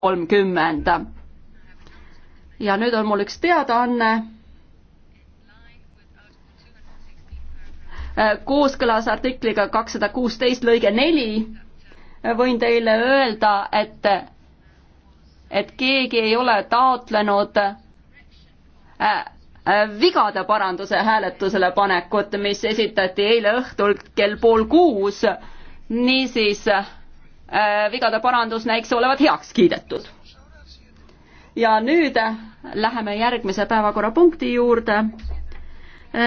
kolmkümmend. ja nüüd on mul üks teadaanne. Äh, kooskõlas artikliga kakssada kuusteist lõige neli äh, võin teile öelda, et, et keegi ei ole taotlenud äh, vigade paranduse hääletusele panekut, mis esitati eile õhtul kell pool kuus. niisiis äh, Äh, vigade parandus näiks olevat heaks kiidetud. ja nüüd läheme järgmise päevakorrapunkti juurde. Äh,